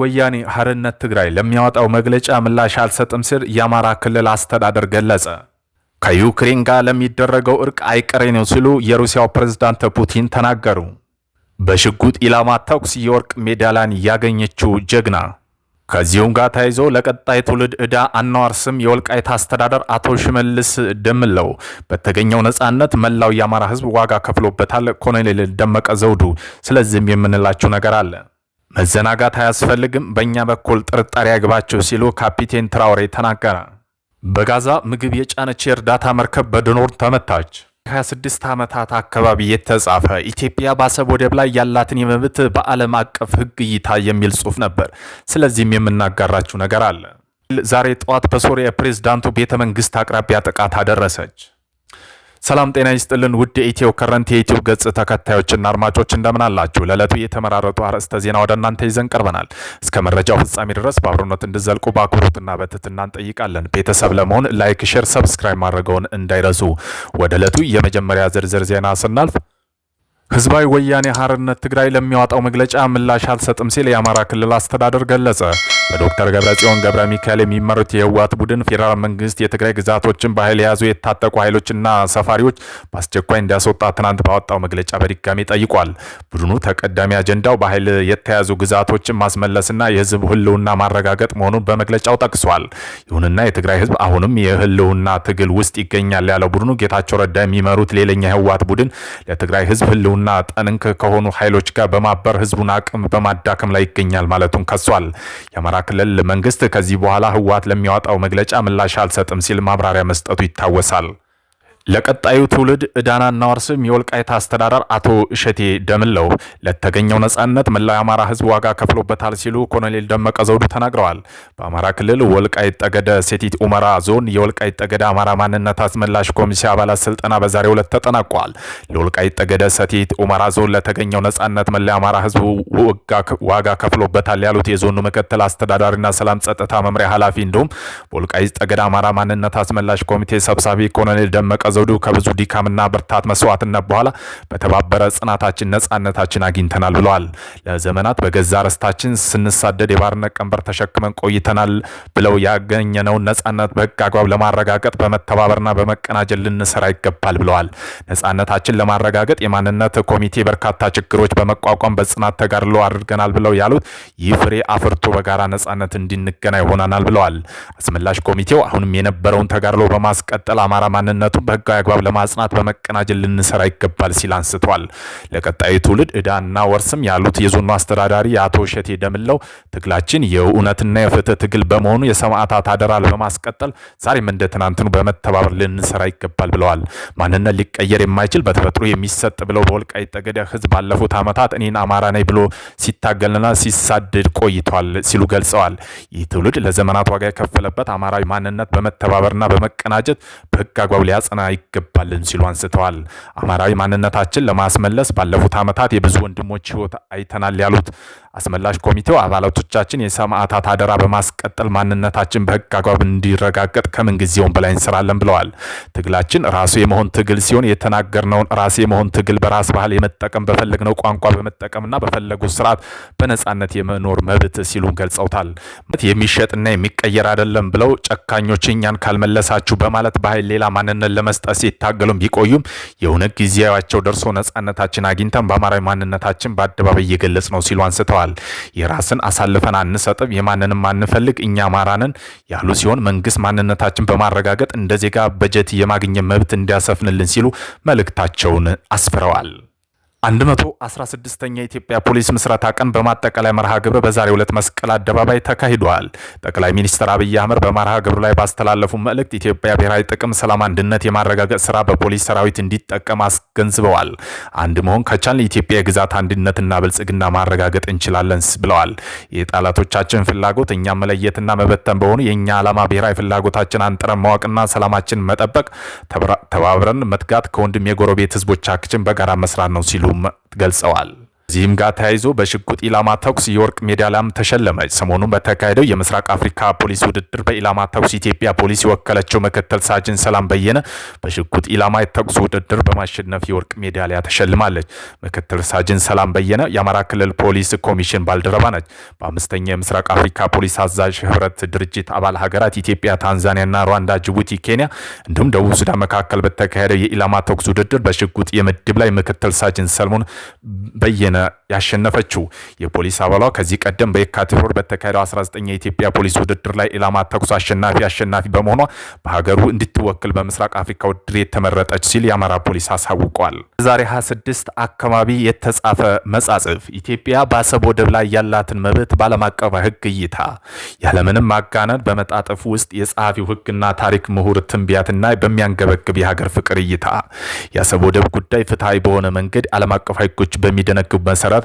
ወያኔ ሀርነት ትግራይ ለሚያወጣው መግለጫ ምላሽ አልሰጥም ሲል የአማራ ክልል አስተዳደር ገለጸ። ከዩክሬን ጋር ለሚደረገው እርቅ አይቀሬ ነው ሲሉ የሩሲያው ፕሬዝዳንት ፑቲን ተናገሩ። በሽጉጥ ኢላማ ተኩስ የወርቅ ሜዳሊያን ያገኘችው ጀግና። ከዚሁም ጋር ተያይዞ ለቀጣይ ትውልድ ዕዳ ስም የወልቃይት አስተዳደር አቶ ሽመልስ ደምለው በተገኘው ነጻነት መላው የአማራ ህዝብ ዋጋ ከፍሎበታል። ኮሎኔል ደመቀ ዘውዱ። ስለዚህም የምንላችሁ ነገር አለ መዘናጋት አያስፈልግም፣ በእኛ በኩል ጥርጣሬ ያግባቸው ሲሉ ካፒቴን ትራውሬ ተናገረ። በጋዛ ምግብ የጫነች የእርዳታ መርከብ በድኖር ተመታች። 26 ዓመታት አካባቢ የተጻፈ ኢትዮጵያ በአሰብ ወደብ ላይ ያላትን የመብት በዓለም አቀፍ ሕግ እይታ የሚል ጽሑፍ ነበር። ስለዚህም የምናጋራችሁ ነገር አለ። ዛሬ ጠዋት በሶሪያ ፕሬዝዳንቱ ቤተ መንግስት አቅራቢያ ጥቃት አደረሰች። ሰላም ጤና ይስጥልን ውድ የኢትዮ ከረንት የኢትዮ ገጽ ተከታዮችና አድማጮች እንደምን አላችሁ? ለዕለቱ የተመራረጡ አርዕስተ ዜና ወደ እናንተ ይዘን ቀርበናል። እስከ መረጃው ፍጻሜ ድረስ በአብሮነት እንድዘልቁ በአክብሮትና በትህትና እንጠይቃለን። ቤተሰብ ለመሆን ላይክ፣ ሼር፣ ሰብስክራይብ ማድረገውን እንዳይረሱ። ወደ ዕለቱ የመጀመሪያ ዝርዝር ዜና ስናልፍ ህዝባዊ ወያኔ ሓርነት ትግራይ ለሚያወጣው መግለጫ ምላሽ አልሰጥም ሲል የአማራ ክልል አስተዳደር ገለጸ። በዶክተር ገብረጽዮን ገብረ ሚካኤል የሚመሩት የህወሓት ቡድን ፌዴራል መንግስት የትግራይ ግዛቶችን በኃይል የያዙ የታጠቁ ኃይሎችና ሰፋሪዎች በአስቸኳይ እንዲያስወጣ ትናንት ባወጣው መግለጫ በድጋሚ ጠይቋል። ቡድኑ ተቀዳሚ አጀንዳው በኃይል የተያዙ ግዛቶችን ማስመለስና የህዝብ ህልውና ማረጋገጥ መሆኑን በመግለጫው ጠቅሷል። ይሁንና የትግራይ ህዝብ አሁንም የህልውና ትግል ውስጥ ይገኛል ያለው ቡድኑ ጌታቸው ረዳ የሚመሩት ሌላኛ የህወሓት ቡድን ለትግራይ ህዝብ ህልውና ጠንቅ ከሆኑ ኃይሎች ጋር በማበር ህዝቡን አቅም በማዳከም ላይ ይገኛል ማለቱን ከሷል። የአማራ ክልል መንግስት ከዚህ በኋላ ህወሓት ለሚያወጣው መግለጫ ምላሽ አልሰጥም ሲል ማብራሪያ መስጠቱ ይታወሳል። ለቀጣዩ ትውልድ ዕዳና እናወርስም። የወልቃይት አስተዳደር አቶ እሸቴ ደምለው ለተገኘው ነጻነት መላው የአማራ ህዝብ ዋጋ ከፍሎበታል ሲሉ ኮሎኔል ደመቀ ዘውዱ ተናግረዋል። በአማራ ክልል ወልቃይት ጠገደ ሴቲት ኡመራ ዞን የወልቃይት ጠገደ አማራ ማንነት አስመላሽ ኮሚቴ አባላት ስልጠና በዛሬው ዕለት ተጠናቋል። ለወልቃይት ጠገደ ሴቲት ኡመራ ዞን ለተገኘው ነጻነት መላው የአማራ ህዝብ ዋጋ ከፍሎበታል ያሉት የዞኑ ምክትል አስተዳዳሪና ሰላም ጸጥታ መምሪያ ኃላፊ እንዲሁም በወልቃይት ጠገደ አማራ ማንነት አስመላሽ ኮሚቴ ሰብሳቢ ኮሎኔል ደመቀ ዘውዱ ከብዙ ድካምና ብርታት መስዋዕትነት በኋላ በተባበረ ጽናታችን ነጻነታችን አግኝተናል ብለዋል። ለዘመናት በገዛ ርስታችን ስንሳደድ የባርነት ቀንበር ተሸክመን ቆይተናል ብለው ያገኘነውን ነጻነት በህግ አግባብ ለማረጋገጥ በመተባበርና በመቀናጀት ልንሰራ ይገባል ብለዋል። ነጻነታችን ለማረጋገጥ የማንነት ኮሚቴ በርካታ ችግሮች በመቋቋም በጽናት ተጋድሎ አድርገናል ብለው ያሉት ይህ ፍሬ አፍርቶ በጋራ ነጻነት እንድንገና ይሆናናል ብለዋል። አስመላሽ ኮሚቴው አሁንም የነበረውን ተጋድሎ በማስቀጠል አማራ ማንነቱን በህጋዊ አግባብ ለማጽናት በመቀናጀት ልንሰራ ይገባል ሲል አንስቷል። ለቀጣዩ ትውልድ እዳና ወርስም ያሉት የዞኑ አስተዳዳሪ አቶ እሸቴ ደምለው ትግላችን የእውነትና የፍትህ ትግል በመሆኑ የሰማዕታት አደራ በማስቀጠል ዛሬም እንደ ትናንትኑ በመተባበር ልንሰራ ይገባል ብለዋል። ማንነት ሊቀየር የማይችል በተፈጥሮ የሚሰጥ ብለው በወልቃይት ጠገዴ ህዝብ ባለፉት ዓመታት እኔን አማራ ነኝ ብሎ ሲታገልና ሲሳደድ ቆይቷል ሲሉ ገልጸዋል። ይህ ትውልድ ለዘመናት ዋጋ የከፈለበት አማራዊ ማንነት በመተባበርና በመቀናጀት በህግ አግባብ ሊያጸና አይገባልን ሲሉ አንስተዋል። አማራዊ ማንነታችን ለማስመለስ ባለፉት ዓመታት የብዙ ወንድሞች ሕይወት አይተናል ያሉት አስመላሽ ኮሚቴው አባላቶቻችን የሰማዕታት አደራ በማስቀጠል ማንነታችን በሕግ አግባብ እንዲረጋገጥ ከምንጊዜውም በላይ እንሰራለን ብለዋል። ትግላችን ራሱ የመሆን ትግል ሲሆን የተናገርነውን ራሴ የመሆን ትግል በራስ ባህል የመጠቀም በፈለግነው ቋንቋ በመጠቀምና በፈለጉት ስርዓት በነጻነት የመኖር መብት ሲሉ ገልጸውታል። የሚሸጥና የሚቀየር አይደለም ብለው ጨካኞች እኛን ካልመለሳችሁ በማለት በኃይል ሌላ ማንነት ለመስ ለመስጠት ሲታገሉም ቢቆዩም የእውነት ጊዜያቸው ደርሶ ነጻነታችን አግኝተን በአማራዊ ማንነታችን በአደባባይ እየገለጽ ነው ሲሉ አንስተዋል። የራስን አሳልፈን አንሰጥም፣ የማንንም አንፈልግ፣ እኛ አማራንን ያሉ ሲሆን መንግስት ማንነታችን በማረጋገጥ እንደ ዜጋ በጀት የማግኘት መብት እንዲያሰፍንልን ሲሉ መልእክታቸውን አስፍረዋል። አንድ መቶ አስራ ስድስተኛ የኢትዮጵያ ፖሊስ ምስረታ ቀን በማጠቃለያ መርሃ ግብር በዛሬው ዕለት መስቀል አደባባይ ተካሂዷል። ጠቅላይ ሚኒስትር አብይ አህመድ በመርሃ ግብሩ ላይ ባስተላለፉ መልእክት ኢትዮጵያ ብሔራዊ ጥቅም፣ ሰላም፣ አንድነት የማረጋገጥ ስራ በፖሊስ ሰራዊት እንዲጠቀም አስገንዝበዋል። አንድ መሆን ከቻልን የኢትዮጵያ የግዛት አንድነትና ብልጽግና ማረጋገጥ እንችላለን ብለዋል። የጠላቶቻችን ፍላጎት እኛ መለየትና መበተን በሆኑ የእኛ ዓላማ ብሔራዊ ፍላጎታችን አንጥረን ማወቅና ሰላማችን መጠበቅ፣ ተባብረን መትጋት፣ ከወንድም የጎረቤት ህዝቦቻችን በጋራ መስራት ነው ሲሉ هم جالس او على ከዚህም ጋር ተያይዞ በሽጉጥ ኢላማ ተኩስ የወርቅ ሜዳሊያም ተሸለመች። ሰሞኑን በተካሄደው የምስራቅ አፍሪካ ፖሊስ ውድድር በኢላማ ተኩስ ኢትዮጵያ ፖሊስ የወከለችው ምክትል ሳጅን ሰላም በየነ በሽጉጥ ኢላማ የተኩስ ውድድር በማሸነፍ የወርቅ ሜዳሊያ ተሸልማለች። ምክትል ሳጅን ሰላም በየነ የአማራ ክልል ፖሊስ ኮሚሽን ባልደረባ ነች። በአምስተኛ የምስራቅ አፍሪካ ፖሊስ አዛዥ ህብረት ድርጅት አባል ሀገራት ኢትዮጵያ፣ ታንዛኒያና ሩዋንዳ፣ ጅቡቲ፣ ኬንያ እንዲሁም ደቡብ ሱዳን መካከል በተካሄደው የኢላማ ተኩስ ውድድር በሽጉጥ የምድብ ላይ ምክትል ሳጅን ሰልሞን በየነ ያሸነፈችው። የፖሊስ አባሏ ከዚህ ቀደም በየካቲት ወር በተካሄደው 19 የኢትዮጵያ ፖሊስ ውድድር ላይ ኢላማ ተኩስ አሸናፊ አሸናፊ በመሆኗ በሀገሩ እንድትወክል በምስራቅ አፍሪካ ውድድር የተመረጠች ሲል የአማራ ፖሊስ አሳውቋል። ዛሬ 26 አካባቢ የተጻፈ መጻጽፍ ኢትዮጵያ በአሰብ ወደብ ላይ ያላትን መብት ባለም አቀፍ ሕግ እይታ ያለምንም ማጋነን በመጣጠፉ ውስጥ የጸሐፊው ሕግና ታሪክ ምሁር ትንቢያትና በሚያንገበግብ የሀገር ፍቅር እይታ የአሰብ ወደብ ጉዳይ ፍትሐዊ በሆነ መንገድ ዓለም አቀፍ ሕጎች በሚደነግቡ መሰረት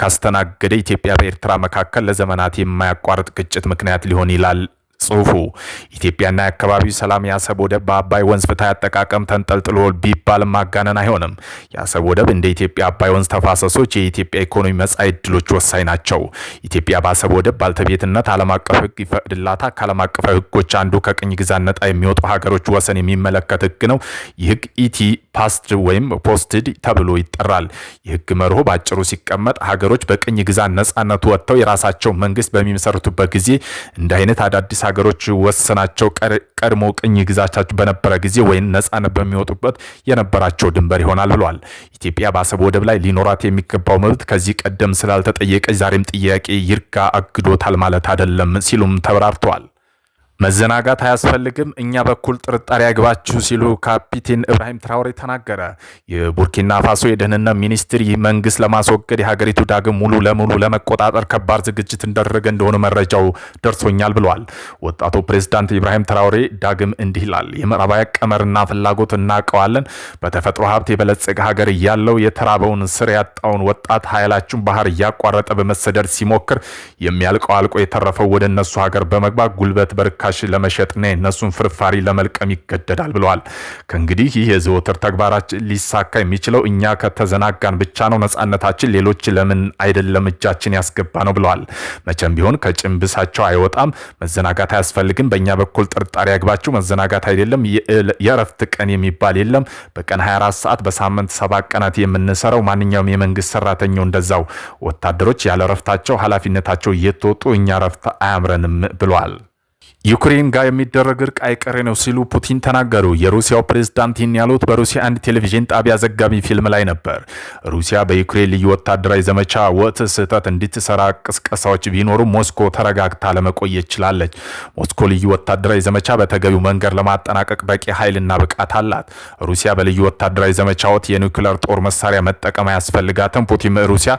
ካስተናገደ ኢትዮጵያ በኤርትራ መካከል ለዘመናት የማያቋርጥ ግጭት ምክንያት ሊሆን ይላል ጽሁፉ ኢትዮጵያና የአካባቢው ሰላም የአሰብ ወደብ በአባይ ወንዝ ፍትሐዊ አጠቃቀም ተንጠልጥሎ ቢባል ማጋነን አይሆንም። የአሰብ ወደብ እንደ ኢትዮጵያ አባይ ወንዝ ተፋሰሶች የኢትዮጵያ ኢኮኖሚ መጻኢ ዕድሎች ወሳኝ ናቸው። ኢትዮጵያ በአሰብ ወደብ ባልተቤትነት ዓለም አቀፍ ሕግ ይፈቅድላታል። ከዓለም አቀፋዊ ሕጎች አንዱ ከቅኝ ግዛት ነጻ የሚወጡ ሀገሮች ወሰን የሚመለከት ሕግ ነው። ይህ ሕግ ኢቲ ፓስድ ወይም ፖስትድ ተብሎ ይጠራል። የሕግ መርሆ በአጭሩ ሲቀመጥ ሀገሮች በቅኝ ግዛት ነጻነቱ ወጥተው የራሳቸው መንግስት በሚመሰርቱበት ጊዜ እንደ አይነት አዳዲስ ሀገሮች ወሰናቸው ቀድሞ ቅኝ ግዛቻቸው በነበረ ጊዜ ወይም ነጻ በሚወጡበት የነበራቸው ድንበር ይሆናል ብሏል ኢትዮጵያ በአሰብ ወደብ ላይ ሊኖራት የሚገባው መብት ከዚህ ቀደም ስላልተጠየቀች ዛሬም ጥያቄ ይርጋ አግዶታል ማለት አይደለም ሲሉም ተብራርተዋል። መዘናጋት አያስፈልግም፣ እኛ በኩል ጥርጣሬ አይግባችሁ ሲሉ ካፒቴን ኢብራሂም ትራውሬ ተናገረ። የቡርኪና ፋሶ የደህንነት ሚኒስትር ይህ መንግስት ለማስወገድ የሀገሪቱ ዳግም ሙሉ ለሙሉ ለመቆጣጠር ከባድ ዝግጅት እንዳደረገ እንደሆነ መረጃው ደርሶኛል ብለል ወጣቱ ፕሬዝዳንት ኢብራሂም ትራውሬ ዳግም እንዲህ ይላል። የምዕራባዊ ቀመርና ፍላጎት እናውቀዋለን። በተፈጥሮ ሀብት የበለጸገ ሀገር እያለው የተራበውን ስር ያጣውን ወጣት ኃይላችሁን ባህር እያቋረጠ በመሰደድ ሲሞክር የሚያልቀው አልቆ የተረፈው ወደ እነሱ ሀገር በመግባት ጉልበት በርካ ተንቀሳቃሽ ለመሸጥና የእነሱን ፍርፋሪ ለመልቀም ይገደዳል ብለዋል። ከእንግዲህ ይህ የዘወትር ተግባራችን ሊሳካ የሚችለው እኛ ከተዘናጋን ብቻ ነው። ነጻነታችን ሌሎች ለምን አይደለም እጃችን ያስገባ ነው ብለዋል። መቼም ቢሆን ከጭንብሳቸው አይወጣም። መዘናጋት አያስፈልግም። በእኛ በኩል ጥርጣሬ ያግባችሁ። መዘናጋት አይደለም። የእረፍት ቀን የሚባል የለም። በቀን 24 ሰዓት በሳምንት ሰባት ቀናት የምንሰራው ማንኛውም የመንግስት ሰራተኛው እንደዛው። ወታደሮች ያለ እረፍታቸው ኃላፊነታቸው እየተወጡ እኛ እረፍት አያምረንም ብለዋል። ዩክሬን ጋር የሚደረግ እርቅ አይቀሬ ነው ሲሉ ፑቲን ተናገሩ። የሩሲያው ፕሬዝዳንት ይህን ያሉት በሩሲያ አንድ ቴሌቪዥን ጣቢያ ዘጋቢ ፊልም ላይ ነበር። ሩሲያ በዩክሬን ልዩ ወታደራዊ ዘመቻ ወቅት ስህተት እንድትሰራ ቅስቀሳዎች ቢኖሩ ሞስኮ ተረጋግታ ለመቆየት ችላለች። ሞስኮ ልዩ ወታደራዊ ዘመቻ በተገቢው መንገድ ለማጠናቀቅ በቂ ኃይልና ብቃት አላት። ሩሲያ በልዩ ወታደራዊ ዘመቻ ወቅት የኒውክሌር ጦር መሳሪያ መጠቀም አያስፈልጋትም። ፑቲን ሩሲያ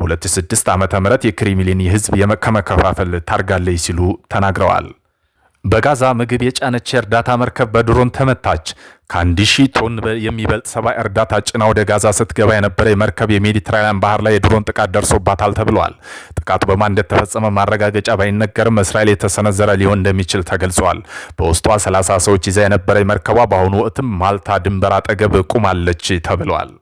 በ2006 ዓ ም የክሪምሊን የህዝብ ከመከፋፈል ታርጋለች ሲሉ ተናግረዋል። በጋዛ ምግብ የጫነች የእርዳታ መርከብ በድሮን ተመታች። ከአንድ ሺህ ቶን የሚበልጥ ሰብአዊ እርዳታ ጭና ወደ ጋዛ ስትገባ የነበረ የመርከብ የሜዲትራያን ባህር ላይ የድሮን ጥቃት ደርሶባታል ተብለዋል። ጥቃቱ በማን እንደተፈጸመ ማረጋገጫ ባይነገርም እስራኤል የተሰነዘረ ሊሆን እንደሚችል ተገልጿል። በውስጧ 30 ሰዎች ይዛ የነበረ መርከቧ በአሁኑ ወቅትም ማልታ ድንበር አጠገብ ቁማለች ተብለዋል።